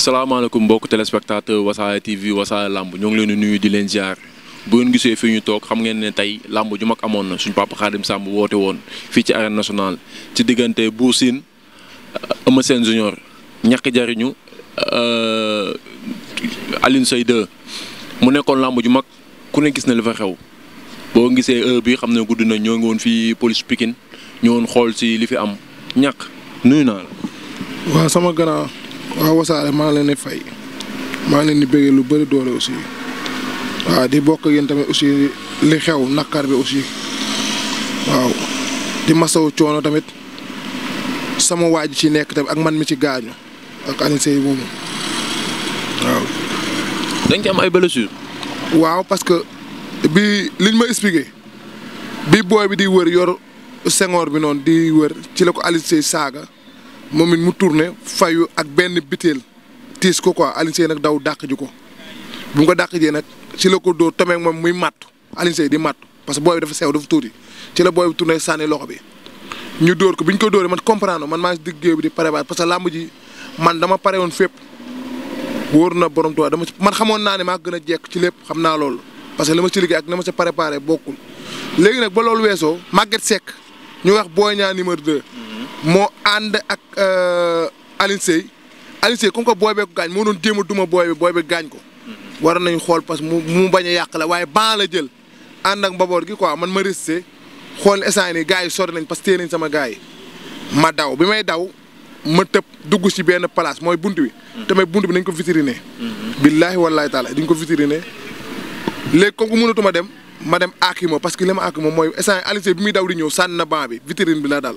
salaamaaleykum mbokk téléspectateur Wassare TV Wassare Lamb ñoo ngi leen di nuyu di leen ziar bu ngeen gisee fii ñu toog xam ngeen ne tey lamb ju mag amoon na suñu papa Khadim sàmb woote woon fii ci arène nationale ci diggante Bour Sine Eumeu Sène Junior ñàkk jariñu euh, Alioune Seye mu nekkoon làmb ju mag ku ne gis na li fa xew boo gisee heure bi xam ne gudd na ñoo ngi woon fii police Pikine ñoo woon xool si li fi am ñàkk nuyu naa la. waaw sama grand. waaw wasaare maa ngi leen di fay maa ngi leen di bëggee lu bari doole aussi waaw di bokk yéen tamit aussi li xew naqar bi aussi waaw di masawu coono tamit sama waay ji ci nekk tamit ak man mi ci gaañu ak Alioune Seye moomu waaw. dañ ci am ay blessures. waaw parce que bi liñ ma expliqué bi booy bi di wër yor sengoor bi noonu di wër ci la ko Alioune Seye saaga. moom it mu tourné fayu ak benn bitéel tiis ko quoi Alioune nag daw dàq ji ko bu mu ko dàq jee nag ci la ko door tomeeg moom muy matt Alioune di matt parce que booy bi dafa sew dafa tuuti ci la booy bi tourné loxo bi ñu dóor ko bi ñu ko dóoree man comprendre man maa ngi si digg géew bi que làmb ji man dama pare woon fépp wóor na borom tubaab dama man xamoon naa ne maa gën a jekk ci lépp xam naa parce que li ma si liggéey ak na ma si préparé bokkul léegi nag ba loolu weesoo Maguette Seck ñu wax Boy Niang numéro 2 moo ànd ak euh, Alioune Seye Alioune Seye comme que booy gaañ moo doon jéem duma booy bi booy bi gaañ ko. waroon nañu xool parce que mu mu bañ a yàq la waaye baa la jël ànd ak mbaboor gi quoi man ma resté xool instant yii gars yi sori nañ parce que téye sama gars yi ma daw bi may daw ma tëb dugg ci benn place mooy bunt bi. Mm-hmm. tamit bunt bi nañ ko vitriner. Mm-hmm. billaahi wallaahi taala duñ ko vitriner léegi comme que mënatuma dem ma dem aaki ma parce que li ma aaki ma mooy instant bi muy daw di ñëw sànni na ban bi vitrine bi la daal.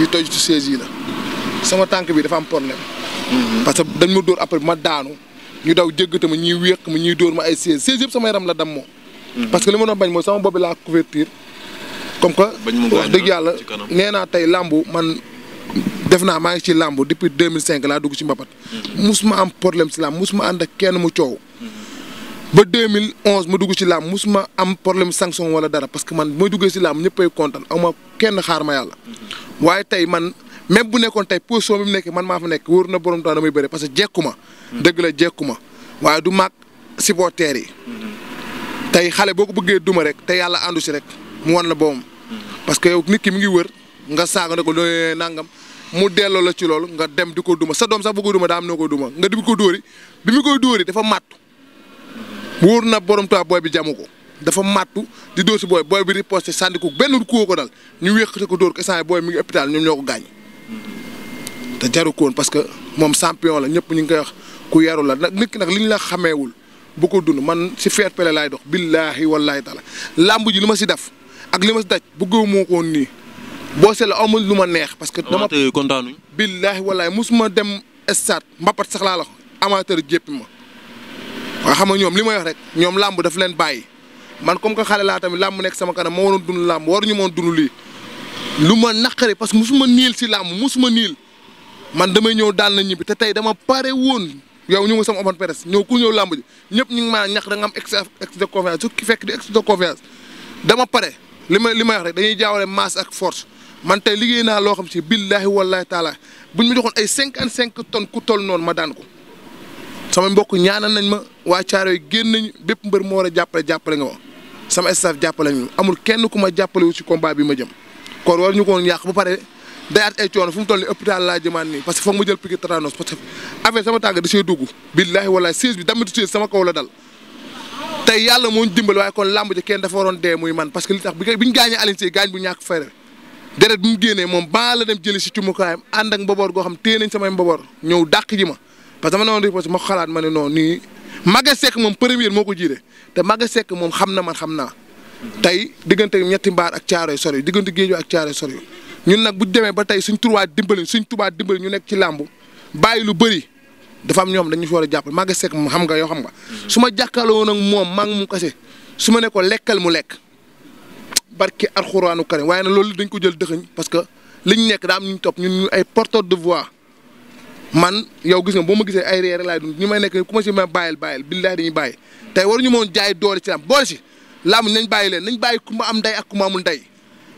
yi toj ci chaise yi la sama tànk bi dafa am problème. Mhm. parce que dañ ma dóor après ma daanu ñu daw jéggat ma ñuy wéq ma ñuy dóor ma ay chaise chaise yëpp sama yaram la dammoo. Mhm. parce que li ma doon bañ mooy sama bopp laa couverture comme que wax dëgg yàlla nee naa tey làmbu man def naa maa ngi ci làmbu depuis cinq laa dugg ci mbapat. musuma mhm. am problème si làmb musuma ànd ak kenn mu coow. ba mille 2011 ma dugg ci làmb musuma am problème sanction wala dara parce que man bu ma duggee ci làmb ñëppay kontaan ama ma yàlla. waaye tey man même bu nekkoon tey position bi nekk man maa fa nekk wóor na borom temps damay bëre que jekku ma. dëgg la jekku ma waaye du mag supporters yi. tey xale boo ko bëggee duma rek te yàlla àndu si rek mu wan boom parce que yow nit ki mi ngi wër nga saaga ko looy nangam mu delloo la ci loolu nga dem di ko duma sa doom sax bu ko noo ko duma nga di ko dóori bi mu koy dóori dafa màtt. wóor na borom Tuubaa booy bi jamu ko dafa màttu di dóor si booy booy bi riposté sànni ko benn ku ko dal ñu wéqate ko dóor ko instant booy mi ngi hôpital ñoom ñoo ko gaañ. te jaru ko woon parce que moom champion la ñëpp ñu ngi koy wax ku yaru la nag nit ki nag li ñu la xameewul bu ko dund man si fair play laay dox billaahi wallaahi taala làmb ji lu ma si def ak li ma si daj bëggoo moo ko nii boo seetlee amul lu ma neex. parce que dama kontaanuñ. billaahi wallaahi musuma dem stade mbapat sax laa la ko amateur jéppi ma. waa xam nga ñoom li ma wax rek ñoom làmb daf leen bàyyi man comme que xale laa tamit làmb nekk sama kanam ma waroon dund làmb waruñu moon lii lu ma naqari parce que suma niil si làmb suma niil man damay ñëw daal na ñibbi te tey dama pare woon yow ñu ngi sama open presse ñëw ku ñëw làmb ji ñëpp ñu ngi maa ñax da nga am excès de confiance su fekk di excès de confiance dama pare li ma li ma wax rek dañuy jaawale masse ak force man tey liggéey naa loo xam si billaahi wallaahi taala bu ñu ma ay cinquante cinq tonnes ku noonu ma daan ko sama mbokk ñaanal nañ ma waa Caaroy génn nañ bépp mbër moo war a jàppale jàppale nga ma sama staff jàppale ñu amul kenn ku ma jàppale wu ci combat bi ma jëm kon ko ba pare dayaat ay coono fu mu nii laa jëmaan parce que foog ma jël piquet tétanos parce que affaire sama tànk da see la dal tey kon làmb kenn dafa waroon dee muy man parce que li tax bi ñu gaañee Alioune gaañ bu ñàkk fayre deret bi mu génnee moom baa la dem jëli si cumukaayam ànd ak mboboor goo xam téye nañ samay mboboor ñëw dàq ji ma parce que dama noonu riposte ma xalaat ma ne non nii Maga sekk moom premier moo ko jiite te Maga Seck moom xam na man xam naa tey diggante ñetti mbaar ak caaro sori diggante géej ak caaro sori ñun nag bu demee ba tey suñ turuwaay dimbali suñ tubaa dimbali ñu nekk ci làmb bàyyi lu bëri dafa am ñoom dañu fi war a jàpp Maga Seck moom xam nga yoo xam nga. su ma jàkkaarloo nag moom maa ngi mu kese su ma ne lekkal mu lekk barki alxuraanu karim waaye na loolu dañ ko jël dëxëñ parce que liñ nekk daa am ñu topp ñu ay porteur de voix. man yow gis nga boo ma gisee ay reer laay dund ñu may nekk ku si ma bàyyil bàyyil billahi dañuy bàyyi tey waruñu moon jaay doole ci lam boole si lam leen nañ bàyyi ku ma am ndey ak ku ma amul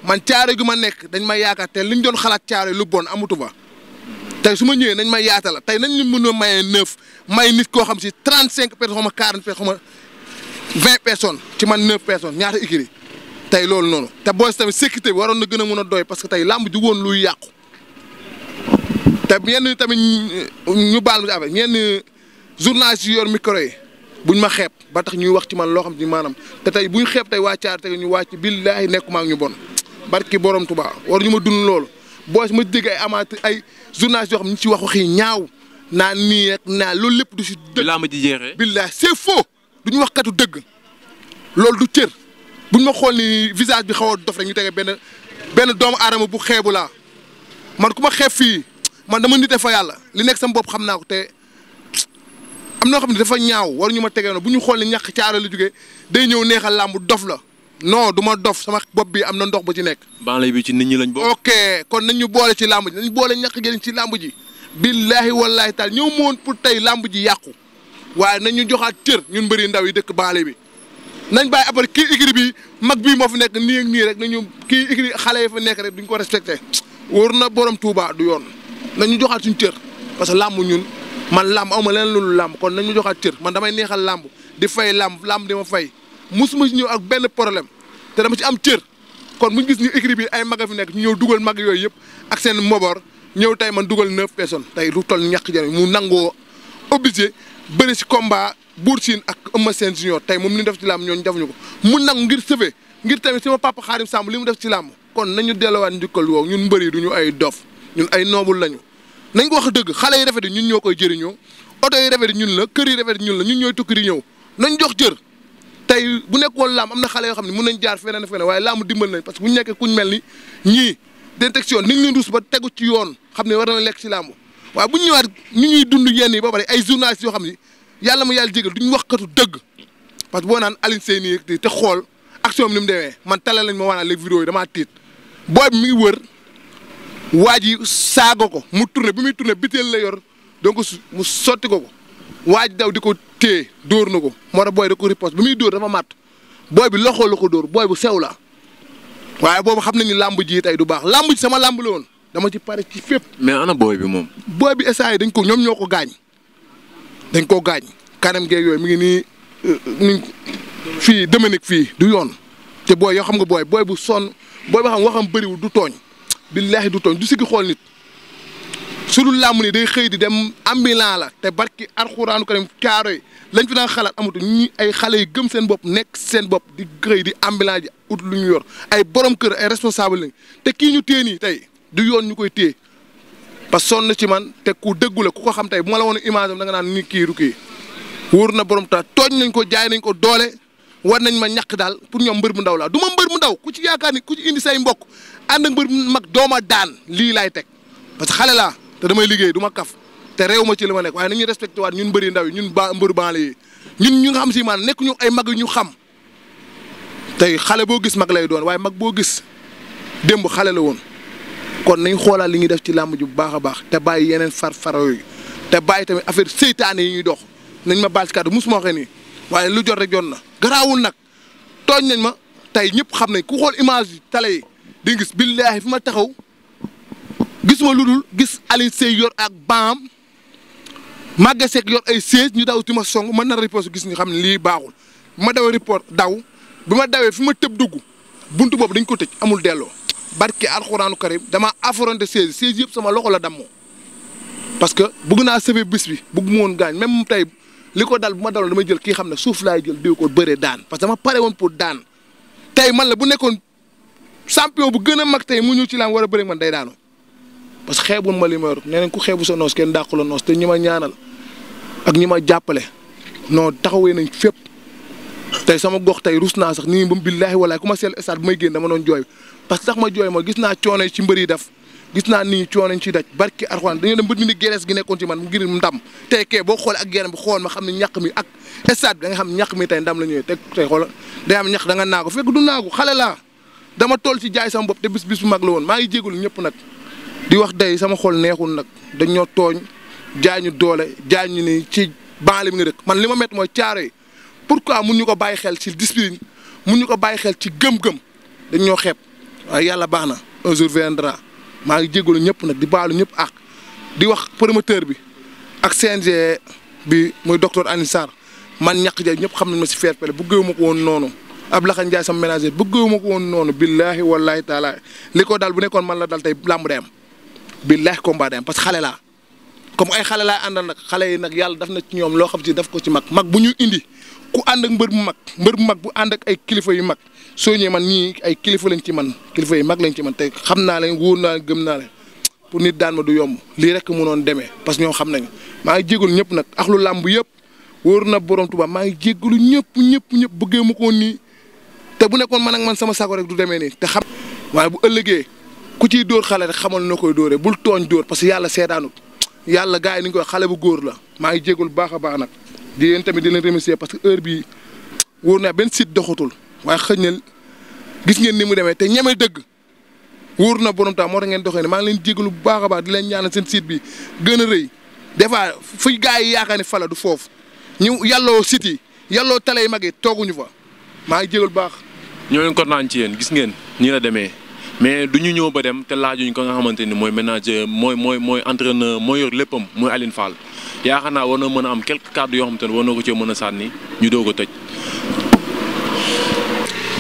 man caaro gi dañ ma yaakaar te liñ doon xalaat caaro lu bon amatu fa tey su ma ñëwee nañ ma yaata la tey nañ ñu mën a mayee may nit koo xam si trente cinq personnes xaw ma quarante personnes xaw ma vingt personnes ci man neuf personnes ñaata ikiri tey loolu noonu te boole si tamit sécurité bi na gën a mën a doy parce que tey làmb ji woon luy yàqu te yenn tamit ñu baal ma si affaire yenn journaliste yu yor micro yi buñ ma xeeb ba tax ñuy wax ci man loo xam ni maanaam te tey buñ xeeb tey waa caar te ñu wàcc billaahi nekkuma ak ñu bon barki borom Tuubaa war ñu ma dund loolu boo ma dégg ay amaat ay journaliste yoo xam ñu ci wax waxi ñaaw naa nii rek naa loolu lépp du si dëgg ma ji jeexee billaahi c'est faux duñu wax katu dëgg loolu du cër buñ ma xool ni visage bi xaw a dof rek ñu tege benn benn doomu aadama bu xeebu laa man ku ma xeeb fii man dama nite fa yàlla li nekk sama bopp xam naa ko te am na xam ne dafa ñaaw war ñu ma tegee noonu bu ñu xool ne ñàkk caara la jógee day ñëw neexa làmb dof la no du dof sama bopp bi am na ndox bu ci nekk. banlay bi ci nit ñi lañ bokk. ok kon nañ ñu boole ci làmb ji nañ boole ñàkk jëriñ ci làmb ji. billaahi wallaahi taal ñëw moon pour tey làmb ji yàqu waaye nañ ñu joxaat cër ñun mbëri ndaw yi dëkk baale bi nañ bàyyi après kii écurie bi mag bii moo fu nekk nii ak nii rek nañu kii écurie xale yi fa nekk rek duñ ko respecté wóor na boroom Touba du yoon. nañu joxaat suñu cër parce que làmb ñun man làmb aw ma leen lu làmb kon nañu joxaat cër man damay neexal làmb di fay làmb làmb di ma fay musuma ñëw ak benn problème te dama ci am cër kon bu gis ñu écrit bi ay mag a fi nekk ñu ñëw dugal mag yooyu yëpp ak seen mboboor ñëw tey man dugal neuf personnes tey lu toll ñàkk jëriñ mu nangoo obligé bëri si combat buur Sine ak Eumeu Sène junior tey moom li def ci làmb ñu defuñu ko mu nangu ngir sëfe ngir tamit sama papa Xaadim li mu def ci làmb kon nañu delluwaat njukkal woow ñun mbër yi du ñu ay dof ñun ay noobul lañu nañ ko wax dëgg xale yi rafet ñun ñoo koy jëriñoo oto yi rafet ñun la kër yi rafet ñun la ñun ñooy tukkiri ñëw nañ jox jër tey bu nekkoon laam am na xale yoo xam ne mun nañ jaar feneen feneen waaye laamu dimbal nañ parce que bu ñu nekkee kuñ mel ni ñii détection ni ngi ruus ba tegu ci yoon xam ne war na lekk si laamu waaye bu ñu ñëwaat ñu ñuy dund yenn yi ba pare ay journalistes yoo xam ne yàlla mu yàlla jégal duñ waxkatu dëgg parce que boo naan Alioune Seye nii te xool action mu demee man tale lañ ma waanaa léegi vidéo yi damaa tiit booy bi mi ngi wër waa ji saago ko mu tourné bi muy tourné biteel la yor donc mu sotti ko ko waaj daw di ko téye dóor na ko moo tax booy da ko bi muy dóor dafa màtt booy bi loxo la ko dóor booy bu sew la waaye boobu xam nañu làmb ji tey du baax làmb ji sama làmb la woon dama ci pare ci fépp. mais ana booy bi moom. booy bi essayé dañ ko ñoom ñoo ko gaañ dañ koo gaañ kanam gee yooyu mi ngi nii ni euh, fii Dominique fii du yoon te booy yoo xam nga booy booy bu sonn booy boo xam waxam bariwul du tooñ. billaahi du tooñ du siggi xool nit sunu làmb ni day xëy di dem ambulant la te barki arxuraanu karim caaro yi lañ fi daan xalaat amatu ñi ay xale yi gëm seen bopp nekk seen bopp di xëy di ambulant ji ut lu ñu yor ay borom kër ay responsable lañ te kii ñu téye nii tey du yoon ñu koy téye parce que sonn ci man te ku dëggu la ku ko xam tey bu ma la woon image am da nga naan ni kii du kii wóor na borom ta tooñ nañ ko jaay nañ ko doole war nañ ma ñàkk daal pour ñoom mbër mu ndaw laa du ma mbër mu ndaw ku ci yaakaar ni ku ci indi say mbokk ànd mbër mu mag dooma daan lii laay teg parce que xale laa te damay liggéey du ma kaf te réew ma ci li ma nekk waaye nañu respecté waat ñun mbëri ndaw yi ñun ba ñun ñu nga xam si maanaam nekk ñu ay mag ñu xam tey xale boo gis mag lay doon waaye mag boo gis démb xale la woon kon nañ xoolaat li ñu def ci làmb bu baax a baax te bàyyi yeneen far faro yooyu te bàyyi tamit affaire seytaane yi ñuy dox nañ ma baal ci kàddu musuma waxee nii waaye lu jot rek jot na garaawul nag tooñ nañ ma tey ñëpp xam nañ ku xool image yi tale yi di gis billaahi fi ma taxaw gisuma lu dul gis Alioune Seye yor ak baam Maguette Seck yor ay siège ñu daw ti ma song mën na riposte gis ñu xam ne lii baaxul ma dawee report daw bu ma dawee fu ma tëb dugg bunt boobu dañ ko tëj amul delloo barke alxuraanu karim dama affronté siège siège yëpp sama loxo la dammoo parce que bëgg naa sauver bis bi bëgg mu woon gaañ même tey li ko dal bu ma daloon damay jël kii xam ne suuf laay jël diw ko bëree daan parce que dama pare woon pour daan tey man la bu nekkoon champion bu gën a mag tey mu ñu ci laam war a bëri man day daanu parce que xeeb ma li ma yor nee nañ ku xeebu sa noos kenn dàqu la noos te ñi ma ñaanal ak ñi ma jàppale non taxawee nañ fépp tey sama gox tey rus naa sax nii ba billaahi walaay ku ma seel stade bu may génn dama doon jooy parce que sax ma jooy ma gis naa coono ci mbër yi def gis naa nit ñi ci ciy daj barki Alxuraan dañoo dem ba dindi gerees gi nekkoon ci man ngir ndam tey kee boo xoolee ak gereem bi xool ma xam ne ñàq mi ak stade bi da nga xam ñàq mi tey ndam la ñëwee teg tey xoolal day am ñàq da nga naagu fekk du naagu xale laa dama toll ci jaay sama bopp te bis bis bu mag la woon maa ngi jégalu ñëpp nag di wax day sama xol neexul nag dañoo tooñ jaay ñu doole jaay ñu ni ci banlieue bi nga dëkk man li ma métti mooy caaro yi pourquoi mun ñu ko bàyyi xel ci discipline mu ñu ko bàyyi xel ci gëm-gëm dañ ñoo xeeb yàlla baax na un jour maa ngi jégalu ñëpp nag di baalu ñëpp ak di wax promoteur bi ak CNG bi muy docteur Alioune Sarr man ñaq ja ñëpp xam na ma si fair play bëggeewu ma ko woon noonu ab Ablaye Ndiaye sama ménager bëggeewu ma ko woon noonu billaahi wallaahi taala li ko daal bu nekkoon man la dal tey làmb day am billaahi combat day am parce que xale la comme ay xale laa àndal nag xale yi nag yàlla daf na ci ñoom loo xam si daf ko ci mag mag bu ñuy indi ku ànd ak mbër mu mag mbër mu mag bu ànd ak ay kilifa yu mag soo ñëwee man ñii ay kilifa lañ ci man kilifa yu mag lañ ci man te xam naa leen wóor naa gëm naa leen pour nit daan ma du yomb lii rek mënoon demee parce que ñoom xam nañ maa ngi jégalu ñëpp nag làmb yëpp wóor na borom Tuubaa maa ngi jégalu ñëpp ñëpp ñëpp bëggee ma ko nii te bu nekkoon man ak man sama sago rek du demee nii te xam waaye bu ëllëgee ku ci dóor xale rek xamal na koy dóoree bul tooñ dóor parce que yàlla seetaanut yàlla gars yi ni ñu koy xale bu góor la maa ngi jégalu baax a baax nag di leen tamit di leen remercier parce que heure bi wóor na benn site doxatul waaye xëy na gis ngeen ni mu demee te ñeme dëgg wóor na borom taal moo tax ngeen doxee maa ngi leen jégalu bu baax a baax di leen ñaanal seen site bi gën a rëy des fois fu gars yi yaakaar fala du foofu ñu yàlloo site yi yàlloo tale yi mag yi tooguñu fa maa ngi jégalu baax. ñoo ñooñu kontaan ci yéen gis ngeen nii la demee. mais du ñu ñëw ba dem te laaj laajuñ ko nga xamante ni mooy manager mooy mooy mooy entraîneur mooy yor léppam mooy Aline Fall yaakaar naa war na mën a am quelques cadres yoo xam te ne war na ko cee mën a sànni ñu doog a tëj.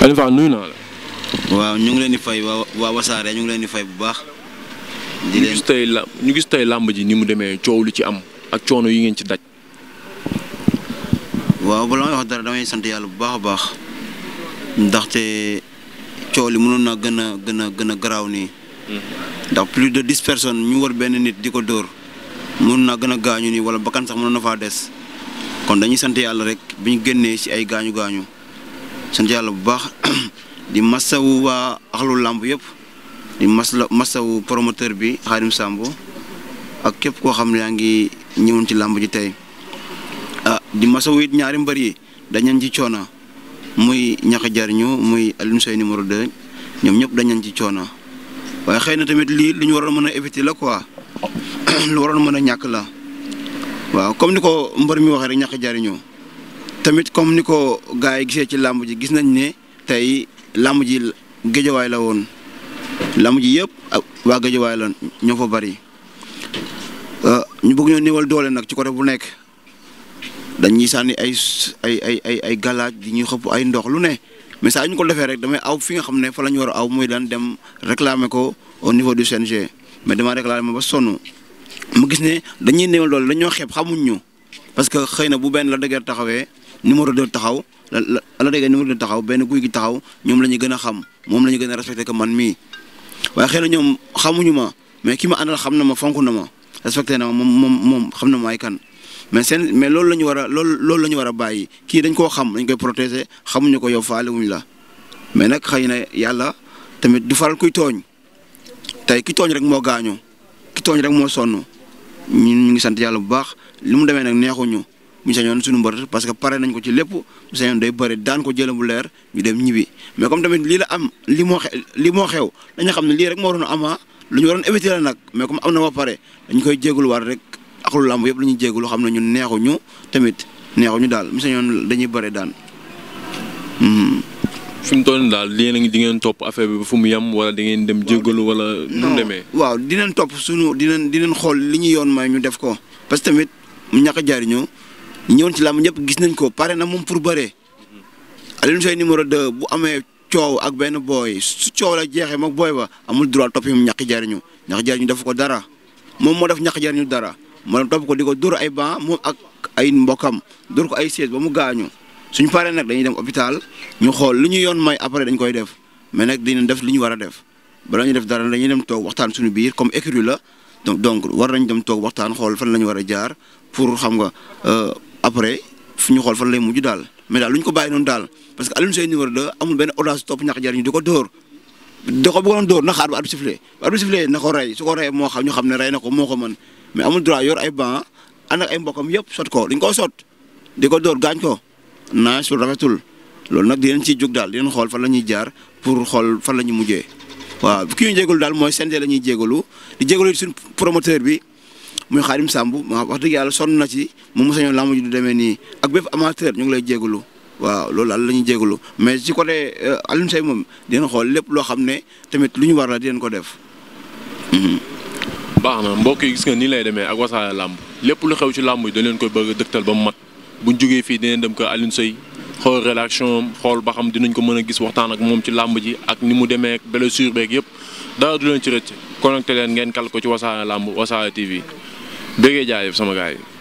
Aline Fall naa la. waaw ñu ngi leen di fay waa waa wasaare ñu ngi leen di fay bu baax. ñu gis tey làmb ji ni mu demee coow lu ci am ak coono yi ngeen ci daj. waaw bala may wax dara damay sant yàlla bu baax a baax ndaxte. coow li mënoon naa gën a gën a gën a garaaw nii. Mm-hmm. ndax plus de dix personnes ñu war benn nit di ko dóor mënoon naa gën a gaañu nii wala bakkan sax mënoon na faa des kon dañuy sant yàlla rek bi ñu génnee ci ay gaañu gaañu sant yàlla bu baax di masawu waa axlu làmb yëpp di masla masawu promoteur bi Xaadim Samb ak képp koo xam ne yaa ngi ñëwoon ci làmb ji tey ah di masawu it ñaari mbër yi dañ ci coono. muy ñax jariñu muy Alioune Seye numéro ñoom ñëpp dañ ci coono waaye xëy na tamit lii lu ñu waroon mën a éviter la ko lu waroon mën a ñàkk la waaw comme ni ko mbër mi waxee rek ñax jariñu tamit comme ni ko gars yi gisee ci làmb ji gis nañ ne tey làmb ji géejawaay la woon làmb ji yëpp waa géejawaay la ñoo fa bari euh, ñu bugg ñoo néewal doole nag ci côté bu nekk. dañuy sànni ay ay ay ay ay galaaj di ñuy xëpp ay ndox lu ne mais saa ñu ko defee rek damay aw fi nga xam ne fa la ñu war aw muy daan dem réclamer ko au niveau du CNG mais dama réclamer ba sonn mu gis ne dañuy néewal doole dañoo xeeb xamuñ ñu parce que xëy na bu benn la dëgër taxawee numéro 2 taxaw la la dëgër taxaw benn guy gi taxaw ñoom la ñu gën a xam moom la ñu gën a respecté que man mii waaye xëy na ñoom xamuñu ma mais ki ma àndal xam na ma fonk na ma respecté na ma moom moom moom xam na ma ay kan. mais seen mais loolu la ñu war a loolu loolu ñu war a bàyyi kii dañ koo xam dañ koy protéger xamuñu ko yow faale wuñ la mais nag xëy na yàlla tamit du faral kuy tooñ tey ki tooñ rek moo gaañu ki tooñ rek moo sonn ñun ñu ngi sant yàlla bu baax li mu demee nag neexuñu mu sañoon sunu mbër parce que pare nañ ko ci lépp mu sañoon day bëri daan ko jëlee bu leer ñu dem ñibbi mais comme tamit lii la am li moo xew li moo xew dañu xam ne lii rek moo waroon amaa ah. lu ñu waroon éviter la nag mais comme am na ba pare dañ koy jégaluwaat rek. axlu làmb yëpp la ñuy jégalu xam na ñun neexuñu tamit neexuñu daal monsieur ñoon dañuy bëre daan. Hmm. fi mu toll daal lii nag di ngeen topp affaire bi fu mu yem wala di ngeen dem jégalu wala. nu demee waaw dinañ topp suñu dinañ dinañ xool li ñu yoon may ñu def ko parce que tamit mu ñàkk a jariñoo ñëwoon ci làmb ñëpp gis nañ ko pare na moom pour bëree. Alioune numéro 2 bu amee coow ak benn booy su coow la jeexee mag booy ba amul droit topp yi mu ñàkk jariñu ñàkk jariñu def ko dara moom moo def ñàkk jariñu dara ma dem topp ko di ko dóor ay ban moom ak ay mbokkam dóor ko ay siège ba mu gaañu suñ paree nag dañuy dem hôpital ñu xool lu ñu yoon may après dañ koy def mais nag dinañ def li ñu war a def bala ñu def dara dañuy dem toog waxtaan suñu biir comme écurie la donc war nañ dem toog waxtaan xool fan la ñu war a jaar pour xam nga euh, après fu ñu xool fan lay mujj daal mais daal lu ñu ko bàyyi noonu daal parce que Alioune Seye numéro 2 amul benn audace topp ñàkk jar ñu di ko dóor da ko bëggoon dóor na xaar ba at bi at bi sifflé na ko rey su ko rey moo xam ñu xam ne rey na ko moo ko mën mais amul droit yor ay banc ànd ak ay mbokkam yëpp sot ko dañ koo sot di ko door gaañ ko naa su rafetul loolu nag dinañ ciy jóg daal dinañ xool fan la ñuy jaar pour xool fan la ñuy mujjee waaw ki ñu jégalu daal mooy CNG la ñuy jégalu di jégalu suñ promoteur bi muy Xaadim Samb wax dëgg yàlla sonn na ci mu mosañoo lamb ji du demee nii ak bépp amateur ñu ngi lay jégalu waaw loolu daal la ñuy jégalu mais ci côté euh, Alioune Seye moom dinañ xool lépp loo xam ne tamit lu ñu war la dinañ ko def. Mhm. baax na mbokk gis nga nii lay demee ak wasaare làmb lépp lu xew ci làmb yi dañ leen koy bëgg a dëgtal ba mu mat buñ jógee fii dinañ dem ko Alioune Seye xool réaction xool ba xam dinañ ko mën a gis waxtaan ak moom ci làmb ji ak ni mu demee blessure beeg yëpp dara du leen ci rëcc connecté leen ngeen kal ko ci wasaare làmb wasaare TV bëggee jaay sama gars yi.